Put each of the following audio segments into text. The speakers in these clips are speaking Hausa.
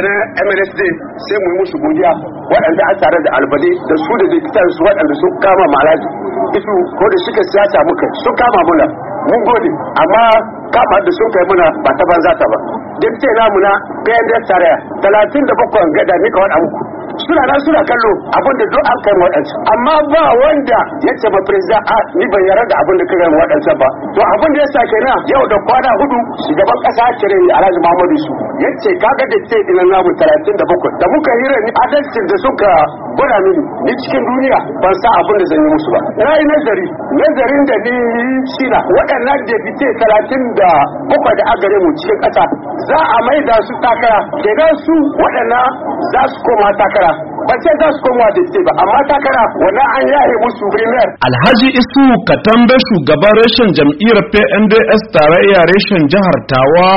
ranar mnsd sai mu yi musu godiya waɗanda an tare da albade da su da dikitan su waɗanda sun kama malaji isu ko da suka siyasa muka sun kama muna mun gode amma kama da sun kai muna ba ta banza ta ba dikitan namu na pnds tare talatin da bakwai gada mika waɗa muku suna nan suna kallo abin da duk an kai waɗancan amma ba wanda ya ce ba president a ah, ni ban yarda da abin da kai waɗancan ba to abin da ya sa na yau da kwana hudu shugaban kasa kire ni Alhaji Muhammadu su yace kaga da ce dinan namu 37 da muka hira ni adalcin da suka gwada mini ni cikin duniya ban sa abin da zan yi musu ba na yi nazari nazarin da ni shi na waɗannan debite talatin da bakwai da agare mu cikin ƙasa za a mai da su takara da su waɗannan za su koma takara Ba ce za su koma da ba amma wannan an yaye musu premier alhaji isu katambe shugaban reshen jam'iyyar pnds tarayya reshen jihar tawa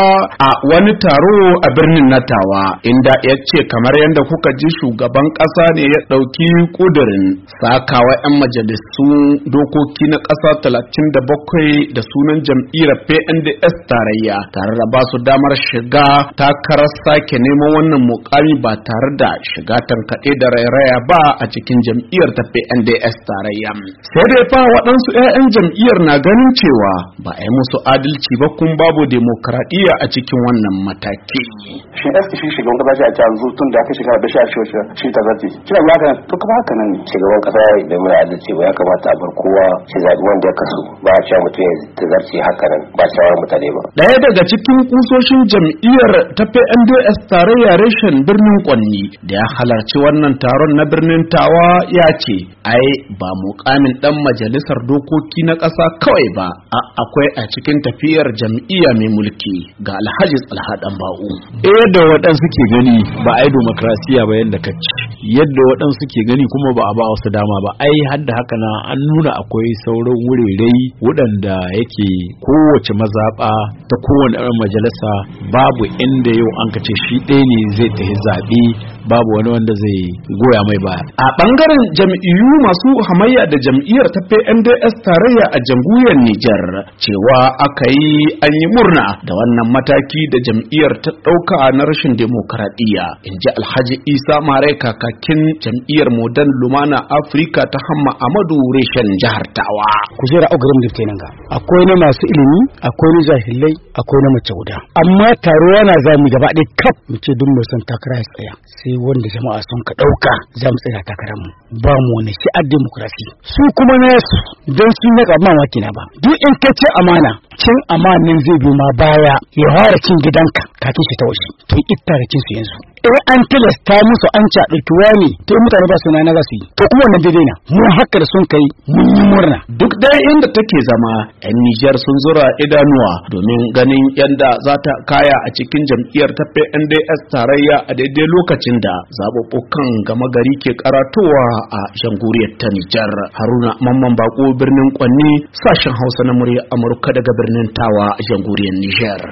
a wani taro a birnin na tawa inda ya ce kamar yadda kuka ji shugaban kasa ne ya ɗauki kudurin sakawa 'yan majalisu dokoki na ƙasa 37 da sunan jam'iyyar pnds tarayya tare da ba su damar shiga takarar sake neman wannan mukami ba tare da shiga tankaɗe da rairaya ba a cikin jam'iyyar ta PNDS tarayya sai dai fa waɗansu 'ya'yan jam'iyyar na ganin cewa ba a yi musu adalci ba kun babu demokradiyya a cikin wannan mataki shi da shi shugaban kasa a canzu tun da aka shiga da shi a shi shi ta zati kina ya ka to kuma haka nan shugaban kasa da mura adalci ba ya kamata a bar kowa shi zabi wanda ya kasu ba a cewa mutum ya tazarci haka nan ba cewa mutane ba daya daga cikin kusoshin jam'iyyar ta PNDS tarayya reshen birnin Kwanni da ya halarci wannan wannan taron na birnin tawa ya ce ai ba mukamin dan majalisar dokoki na ƙasa kawai ba a akwai a cikin tafiyar jam'iyya mai mulki ga alhaji alhadan ba'u eh, yadda waɗansu ke gani ba ai demokrasiya ba yadda kacce yadda waɗansu ke gani kuma ba a ba wasu dama ba ai hadda haka na an nuna akwai sauran wurirai waɗanda yake kowace mazaɓa ta kowane majalisa babu inda yau an kace shi ɗaya ne zai tafi zaɓe babu wani wanda zai goya mai baya a bangaren jam'iyyu masu hamayya da jam'iyyar ta PNDS tarayya a jamhuriyar Nijar cewa aka yi an yi murna da wannan mataki da jam'iyyar ta dauka na rashin demokaradiyya in ji Alhaji Isa Mare kakakin jam'iyyar Modern Lumana afirka ta Hamma Amadu Reshen jihar Tawa kujera ogram da kenan ga akwai na masu ilimi akwai na jahilai akwai na mace guda amma taro yana zami gaba ɗaya kaf mu ce duk mai son takara ya tsaya sai wanda jama'a sun ka ɗauka za mu tsaya takarar mu ba mu wani shi'ar demokrasi su kuma na su. don suna na ƙaba mamaki na ba duk in ka ce amana cin amanin zai bi ma baya ya fara cin gidanka kake shi ta waje. to itta da kinsu yanzu eh an tilasta musu an ci a tuwa ne to mutane ba su na naga su yi to kuma wannan daidai na mu haka da sun kai mun yi murna duk dai inda take zama yan Nijar sun zura idanuwa domin ganin yanda za ta kaya a cikin jam'iyyar ta PNDS tarayya a daidai lokacin da zaɓuɓɓukan gama gari ke karatowa a janguriyar ta Nijar Haruna Mamman Bako birnin Kwanni sashen Hausa na murya Amurka daga birnin Tawa a jamhuriyar Nijar